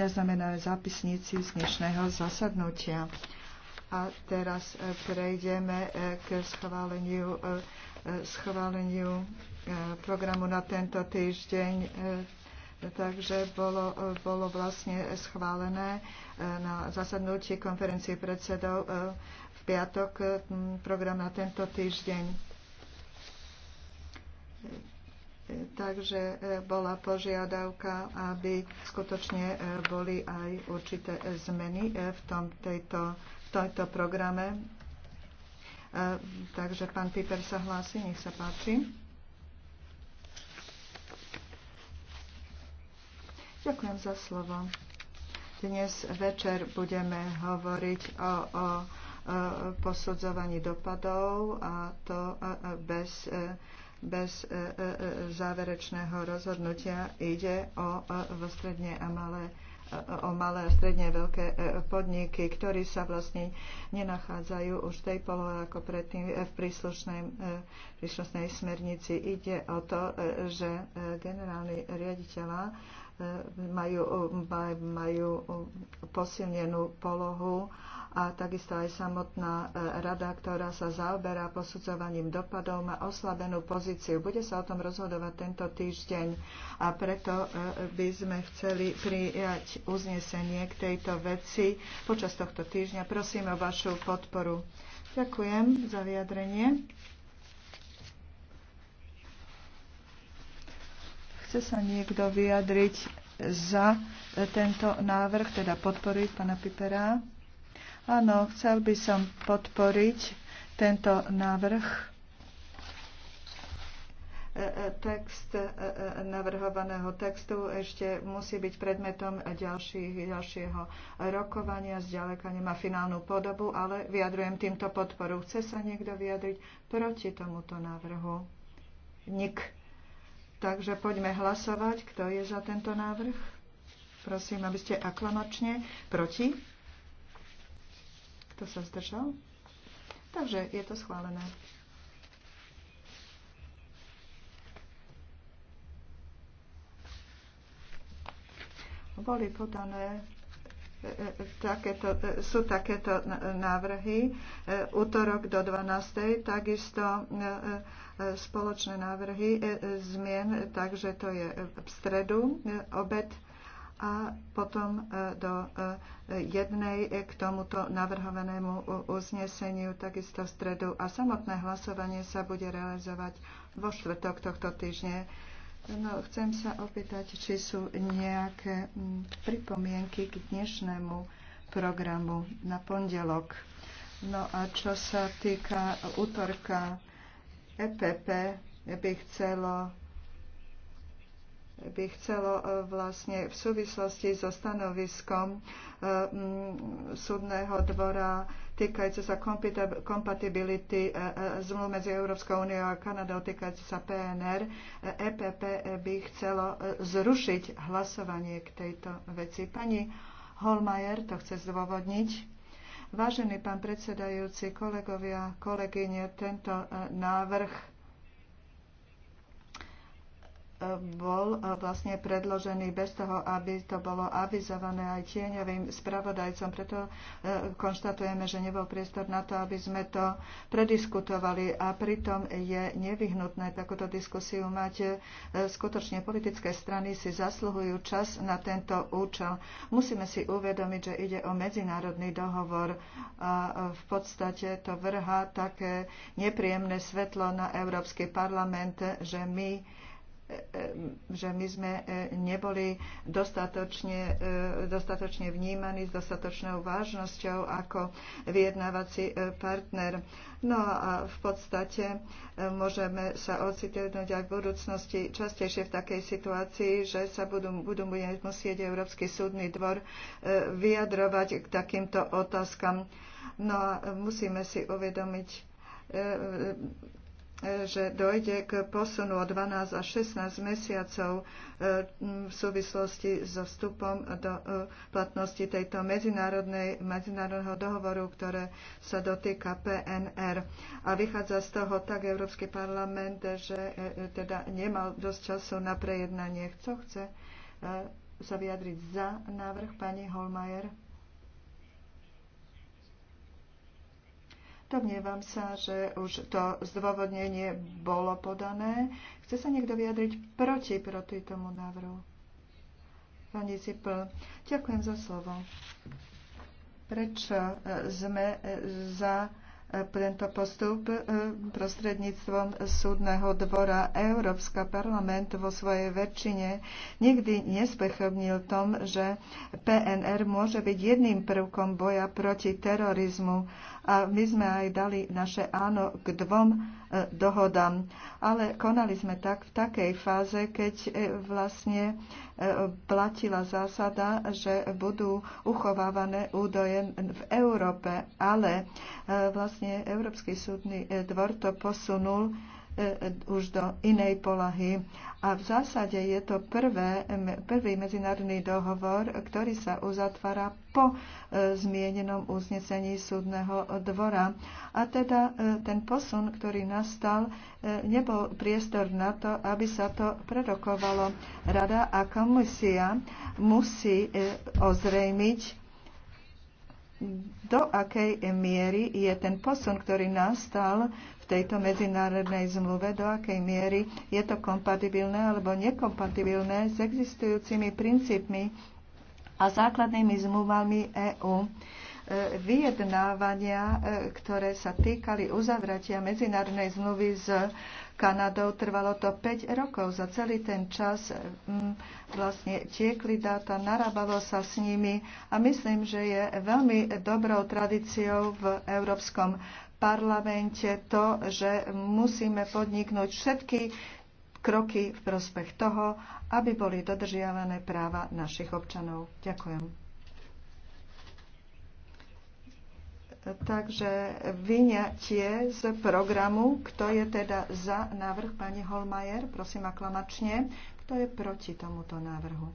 zaznamenané zápisníci z dnešného zasadnutia. A teraz e, prejdeme e, k schváleniu, e, schváleniu programu na tento týždeň. Takže bolo, bolo vlastne schválené na zasadnutí konferencie predsedov v piatok program na tento týždeň. Takže e, bola požiadavka, aby skutočne e, boli aj určité e, zmeny v, tom, tejto, v tomto programe. Takže pán Piper sa hlási, nech sa páči. Ďakujem za slovo. Dnes večer budeme hovoriť o, o posudzovaní dopadov a to bez bez e, e, e, záverečného rozhodnutia. Ide o, stredne a malé o malé a stredne veľké podniky, ktorí sa vlastne nenachádzajú už v tej polohe ako predtým v príslušnej, príslušnej smernici. Ide o to, že generálni riaditeľa majú, majú posilnenú polohu a takisto aj samotná e, rada, ktorá sa zaoberá posudzovaním dopadov, má oslabenú pozíciu. Bude sa o tom rozhodovať tento týždeň a preto e, by sme chceli prijať uznesenie k tejto veci počas tohto týždňa. Prosím o vašu podporu. Ďakujem za vyjadrenie. Chce sa niekto vyjadriť za e, tento návrh, teda podporiť pana Pipera? Áno, chcel by som podporiť tento návrh e, e, text e, navrhovaného textu ešte musí byť predmetom ďalších, ďalšieho rokovania. Zďaleka nemá finálnu podobu, ale vyjadrujem týmto podporu. Chce sa niekto vyjadriť proti tomuto návrhu? Nik. Takže poďme hlasovať. Kto je za tento návrh? Prosím, aby ste aklamačne proti. Kto sa zdržal? Takže je to schválené. Boli podané e, e, e, takéto, sú takéto návrhy. Útorok do 12. takisto spoločné návrhy zmien, takže to je v stredu obed a potom e, do e, jednej e, k tomuto navrhovanému uzneseniu takisto v stredu a samotné hlasovanie sa bude realizovať vo štvrtok tohto týždne. No, chcem sa opýtať, či sú nejaké pripomienky k dnešnému programu na pondelok. No a čo sa týka útorka, EPP by chcelo by chcelo e, vlastne v súvislosti so stanoviskom e, súdneho dvora týkajúce sa kompatibility e, zmluv medzi Európskou úniou a Kanadou týkajúce sa PNR, EPP by chcelo zrušiť hlasovanie k tejto veci. Pani Holmajer to chce zdôvodniť. Vážený pán predsedajúci, kolegovia, kolegyne, tento návrh bol e, vlastne predložený bez toho, aby to bolo avizované aj tieňovým spravodajcom. Preto e, konštatujeme, že nebol priestor na to, aby sme to prediskutovali a pritom je nevyhnutné takúto diskusiu mať. E, skutočne politické strany si zasluhujú čas na tento účel. Musíme si uvedomiť, že ide o medzinárodný dohovor a v podstate to vrhá také nepríjemné svetlo na Európsky parlament, že my E, e, že my sme e, neboli dostatočne, dostatočne vnímaní s dostatočnou vážnosťou ako vyjednávací partner. No a v podstate môžeme sa ocitnúť aj v budúcnosti častejšie v takej situácii, že sa budú, budú musieť Európsky súdny dvor vyjadrovať k takýmto otázkam. No a musíme si uvedomiť, že dojde k posunu o 12 až 16 mesiacov e, v súvislosti so vstupom do e, platnosti tejto medzinárodnej, medzinárodného dohovoru, ktoré sa dotýka PNR. A vychádza z toho tak Európsky parlament, že e, teda nemal dosť času na prejednanie. Kto chce sa vyjadriť za návrh pani Holmajer? Domnievam sa, že už to zdôvodnenie bolo podané. Chce sa niekto vyjadriť proti, proti tomu návrhu? Pani Zipl, ďakujem za slovo. Prečo e, sme e, za e, tento postup prostredníctvom súdneho dvora Európska parlament vo svojej väčšine nikdy nespechovnil tom, že PNR môže byť jedným prvkom boja proti terorizmu a my sme aj dali naše áno k dvom e, dohodám. Ale konali sme tak v takej fáze, keď e, vlastne e, platila zásada, že budú uchovávané údoje v Európe, ale vlastne Európsky súdny dvor to posunul E, e, už do inej polahy. A v zásade je to prvé, prvý medzinárodný dohovor, ktorý sa uzatvára po e, zmienenom uznesení súdneho dvora. A teda ten posun, ktorý nastal, nebol priestor na to, aby sa to prerokovalo. Rada a komisia musí ozrejmiť do akej miery je ten posun, ktorý nastal v tejto medzinárodnej zmluve, do akej miery je to kompatibilné alebo nekompatibilné s existujúcimi princípmi a základnými zmluvami EÚ. E, vyjednávania, e, ktoré sa týkali uzavratia medzinárodnej zmluvy s Kanadou. Trvalo to 5 rokov. Za celý ten čas mm, vlastne tiekli dáta, narábalo sa s nimi a myslím, že je veľmi dobrou tradíciou v Európskom parlamente to, že musíme podniknúť všetky kroky v prospech toho, aby boli dodržiavané práva našich občanov. Ďakujem. Takže vyňatie z programu, kto je teda za návrh pani Holmajer, prosím aklamačne, kto je proti tomuto návrhu?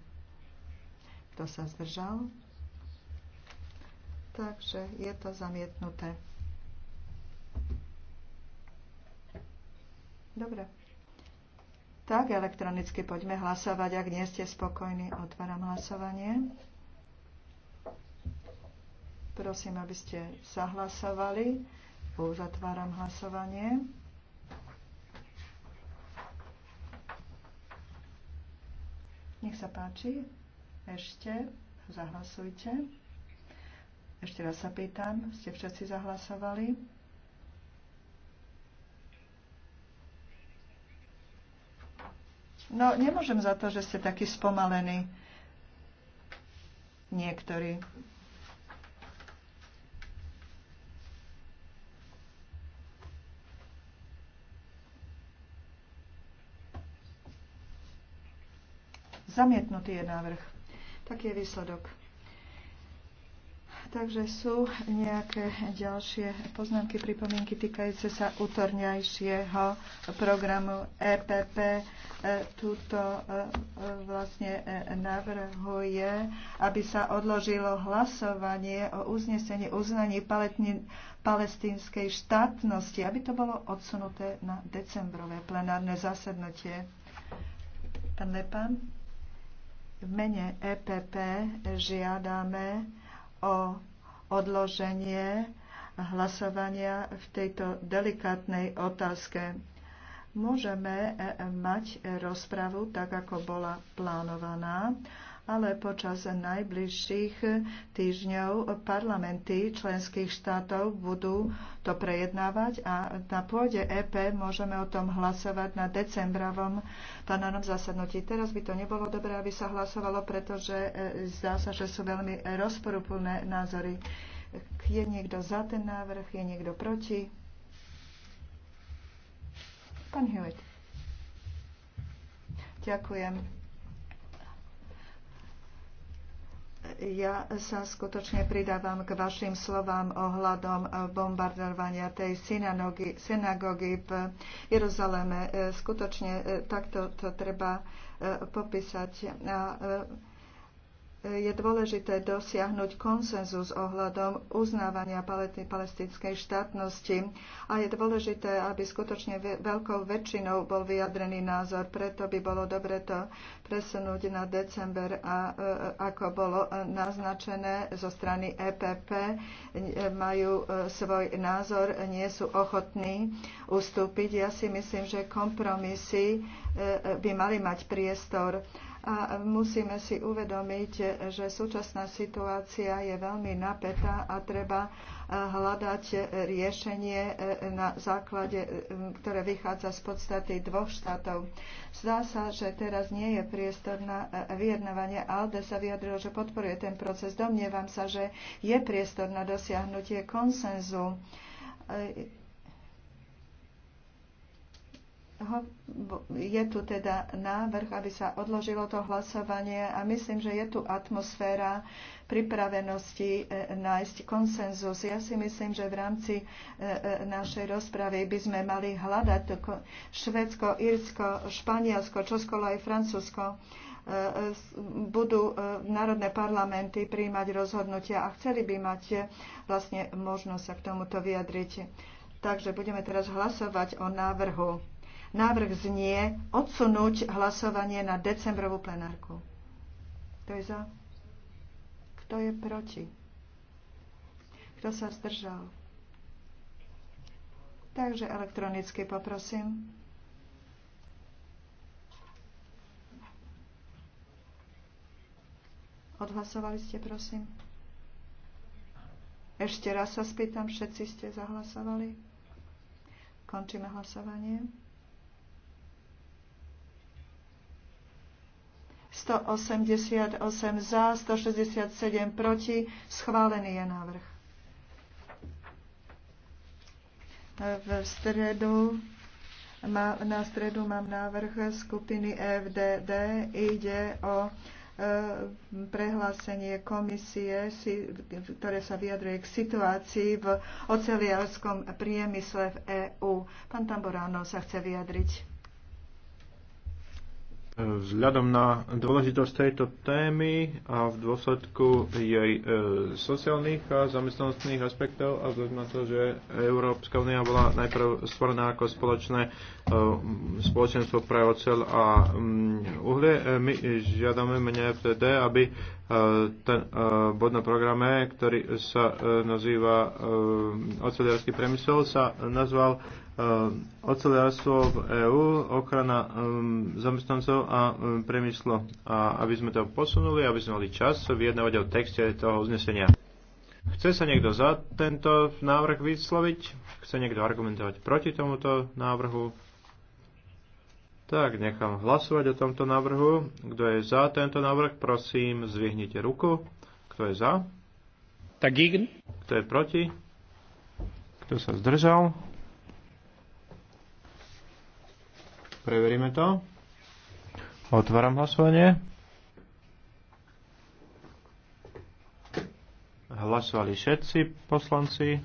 Kto sa zdržal? Takže je to zamietnuté. Dobre. Tak, elektronicky poďme hlasovať, ak nie ste spokojní. Otváram hlasovanie. Prosím, aby ste hlasovali. Uzatváram hlasovanie. Nech sa páči. Ešte zahlasujte. Ešte raz sa pýtam, ste všetci zahlasovali? No, nemôžem za to, že ste takí spomalení. Niektorí. Zamietnutý je návrh. Taký je výsledok. Takže sú nejaké ďalšie poznámky, pripomienky týkajúce sa útorňajšieho programu EPP. E, Tuto e, e, vlastne navrhuje, aby sa odložilo hlasovanie o uznesení uznaní palestínskej štátnosti, aby to bolo odsunuté na decembrové plenárne zasednutie. Pán Lepan. V mene EPP žiadame o odloženie hlasovania v tejto delikátnej otázke. Môžeme e, mať rozpravu tak, ako bola plánovaná ale počas najbližších týždňov parlamenty členských štátov budú to prejednávať a na pôde EP môžeme o tom hlasovať na decembravom plenárnom zasadnutí. Teraz by to nebolo dobré, aby sa hlasovalo, pretože e, zdá sa, že sú veľmi rozporúplné názory. Je niekto za ten návrh, je niekto proti? Pán Hewitt. Ďakujem Ja sa skutočne pridávam k vašim slovám ohľadom bombardovania tej synagógy v Jeruzaleme. E, skutočne e, takto to treba e, popísať. A je dôležité dosiahnuť konsenzus ohľadom uznávania palestinskej štátnosti a je dôležité, aby skutočne veľkou väčšinou bol vyjadrený názor. Preto by bolo dobre to presunúť na december a e, ako bolo e, naznačené zo strany EPP, majú e, svoj názor, nie sú ochotní ustúpiť. Ja si myslím, že kompromisy by mali mať priestor a musíme si uvedomiť, že súčasná situácia je veľmi napätá a treba eh, hľadať eh, riešenie eh, na základe, ktoré vychádza z podstaty dvoch štátov. Zdá sa, že teraz nie je priestor na vyjednávanie. Alde sa vyjadrilo, že podporuje ten proces. Domnievam sa, že je priestor na dosiahnutie konsenzu je tu teda návrh, aby sa odložilo to hlasovanie a myslím, že je tu atmosféra pripravenosti e, e, nájsť konsenzus. Ja si myslím, že v rámci e, našej rozpravy by sme mali hľadať Švedsko, Írsko, Španielsko, Českolo aj Francúzsko budú národné parlamenty príjmať rozhodnutia a chceli by mať vlastne možnosť sa k tomuto vyjadriť. Takže budeme teraz hlasovať o návrhu. Návrh znie odsunúť hlasovanie na decembrovú plenárku. Kto je za? Kto je proti? Kto sa zdržal? Takže elektronicky poprosím. Odhlasovali ste, prosím? Ešte raz sa spýtam, všetci ste zahlasovali? Končíme hlasovanie. 188 za, 167 proti. Schválený je návrh. V stredu na stredu mám návrh skupiny FDD. Ide o e, prehlásenie komisie, ktoré sa vyjadruje k situácii v oceliarskom priemysle v EÚ. Pán tamborano sa chce vyjadriť. Vzhľadom na dôležitosť tejto témy a v dôsledku jej e, sociálnych a zamestnanostných aspektov a vzhľadom na to, že Európska únia bola najprv stvorená ako spoločné e, spoločenstvo pre oceľ a mm, uhlie, e, my žiadame mene FTD, aby ten bod na programe, ktorý sa nazýva oceliarský priemysel, sa nazval Eh, oceliarstvo v EÚ, ochrana eh, zamestnancov a eh, priemyslo. A aby sme to posunuli, aby sme mali čas vyjednávať o texte toho uznesenia. Chce sa niekto za tento návrh vysloviť? Chce niekto argumentovať proti tomuto návrhu? Tak, nechám hlasovať o tomto návrhu. Kto je za tento návrh, prosím, zvihnite ruku. Kto je za? Tak Kto je proti? Kto sa zdržal? Preveríme to. Otváram hlasovanie. Hlasovali všetci poslanci.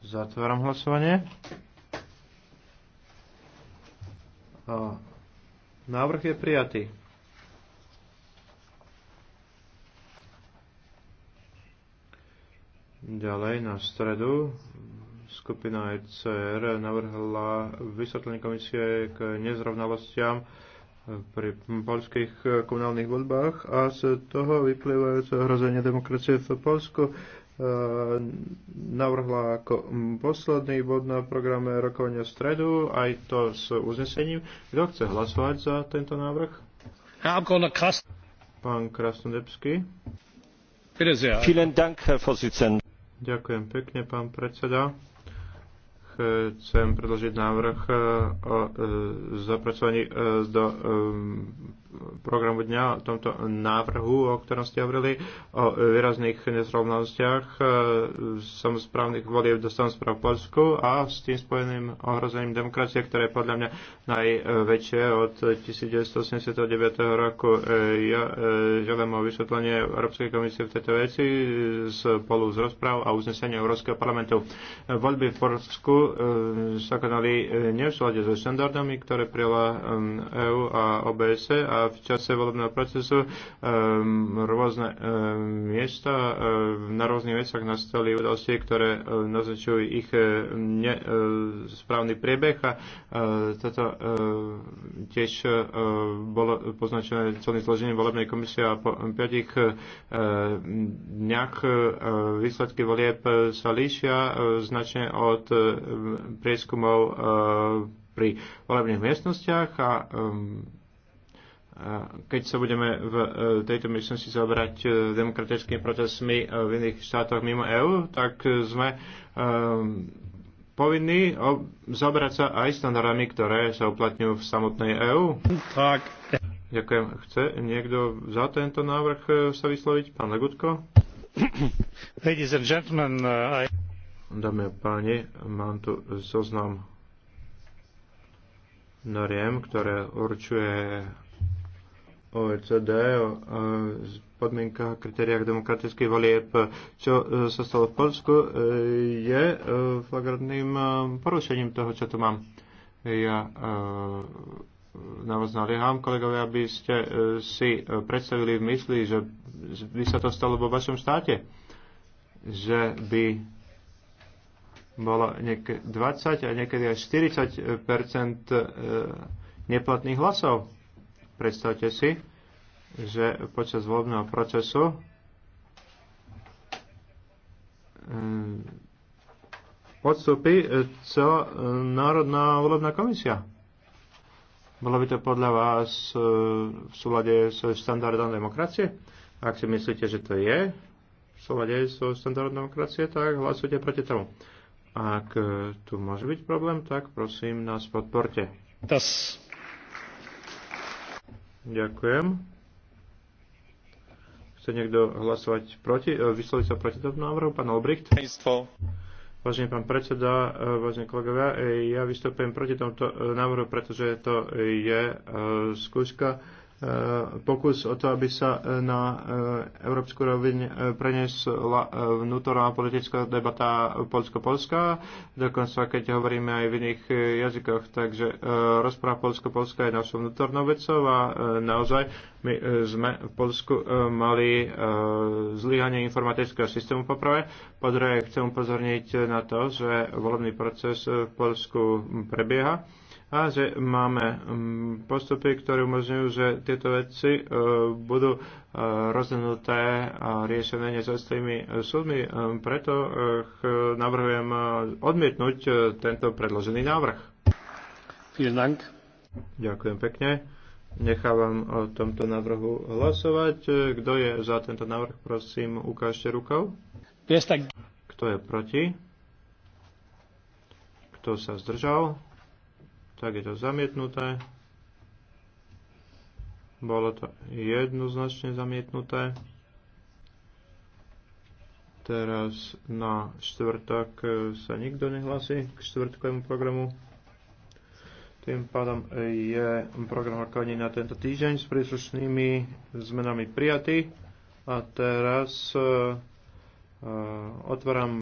Zatváram hlasovanie. A návrh je prijatý. Ďalej na stredu skupina ECR navrhla vysvetlenie komisie k nezrovnalostiam pri polských komunálnych voľbách a z toho vyplývajúce hrozenie demokracie v Polsku e, navrhla ako posledný bod na programe rokovania stredu, aj to s uznesením. Kto chce hlasovať za tento návrh? Pán Krasnodebský. Vielen Dank, Herr Ďakujem pekne, pán predseda chcem predložiť návrh e, o e, zapracovaní e, do programu dňa, o tomto návrhu, o ktorom ste hovorili, o výrazných nezrovnalostiach e, samozprávnych volieb do samozpráv v Polsku a s tým spojeným ohrozením demokracie, ktoré je podľa mňa najväčšie od 1989 roku. E, ja e, želám o vysvetlenie Európskej komisie v tejto veci spolu s rozpráv a uznesenia Európskeho parlamentu. Voľby v Polsku sa konali nie v so štandardami, ktoré prijala EU a OBS a v čase volebného procesu ehm, rôzne ehm, miesta ehm, na rôznych miestach nastali udalosti, ktoré naznačujú ich správny priebeh a toto tiež bolo poznačené celým zložením volebnej komisie a po piatich dňach výsledky volieb sa líšia značne od prieskumov pri volebných miestnostiach a keď sa budeme v e, tejto miestnosti zaoberať e, demokratickými procesmi e, v iných štátoch mimo EÚ, tak sme povinní zaoberať sa aj standardami, ktoré sa uplatňujú v samotnej EÚ. Tak. Ďakujem. Chce niekto za tento návrh sa vysloviť? Pán Legutko? Ladies and gentlemen, uh, I... Dámy a páni, mám tu zoznam noriem, ktoré určuje OECD o e, podmienkach a kritériách demokratických volieb. Čo e, sa stalo v Polsku e, je flagrantným porušením toho, čo tu mám. Ja na vás naliehám, kolegovia, aby ste si predstavili v mysli, že by sa to stalo vo vašom štáte. Že by bolo 20 a niekedy až 40 neplatných hlasov. Predstavte si, že počas voľbného procesu ehm, podstúpi e, celá Národná volebná komisia. Bolo by to podľa vás e, v súlade so štandardom demokracie? Ak si myslíte, že to je v súlade so štandardom demokracie, tak hlasujte proti tomu. Ak e, tu môže byť problém, tak prosím nás podporte. Das Ďakujem. Chce niekto hlasovať proti, e, vysloviť sa proti tomu návrhu? Pán Olbricht? Vážený pán predseda, e, vážení kolegovia, e, ja vystupujem proti tomuto návrhu, pretože to je skúška E, pokus o to, aby sa e, na e, európsku rovin preniesla vnútorná politická debata polsko polská dokonca keď hovoríme aj v iných jazykoch. Takže rozpráva Polsko-Polska je našou vnútornou vecou a naozaj my sme v Polsku mali zlyhanie informatického systému poprvé. Po druhé, chcem upozorniť na to, že volebný proces v Polsku prebieha a že máme mm, postupy, ktoré umožňujú, že tieto veci e, budú e, rozhodnuté a riešené nezastými e, súdmi. Preto navrhujem odmietnúť tento predložený návrh. Ďakujem pekne. Nechávam o tomto návrhu hlasovať. Kto je za tento návrh, prosím, ukážte rukou. Kto je proti? Kto sa zdržal? tak je to zamietnuté. Bolo to jednoznačne zamietnuté. Teraz na štvrtok sa nikto nehlasí k štvrtkovému programu. Tým pádom je program rokovania na tento týždeň s príslušnými zmenami prijatý. A teraz e, e, otváram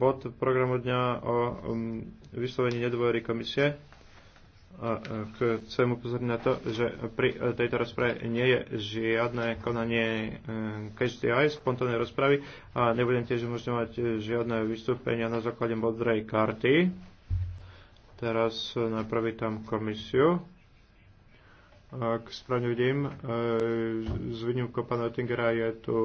bod programu dňa o vyslovení nedôvery komisie. E, k chcem upozorniť na to, že pri e, tejto rozprave nie je žiadne konanie e, catch the eye, spontánnej rozpravy a nebudem tiež možno mať žiadne vystúpenia na základe modrej karty. Teraz napravím tam komisiu. Ak správne vidím, z výnimkou pána Oettingera je tu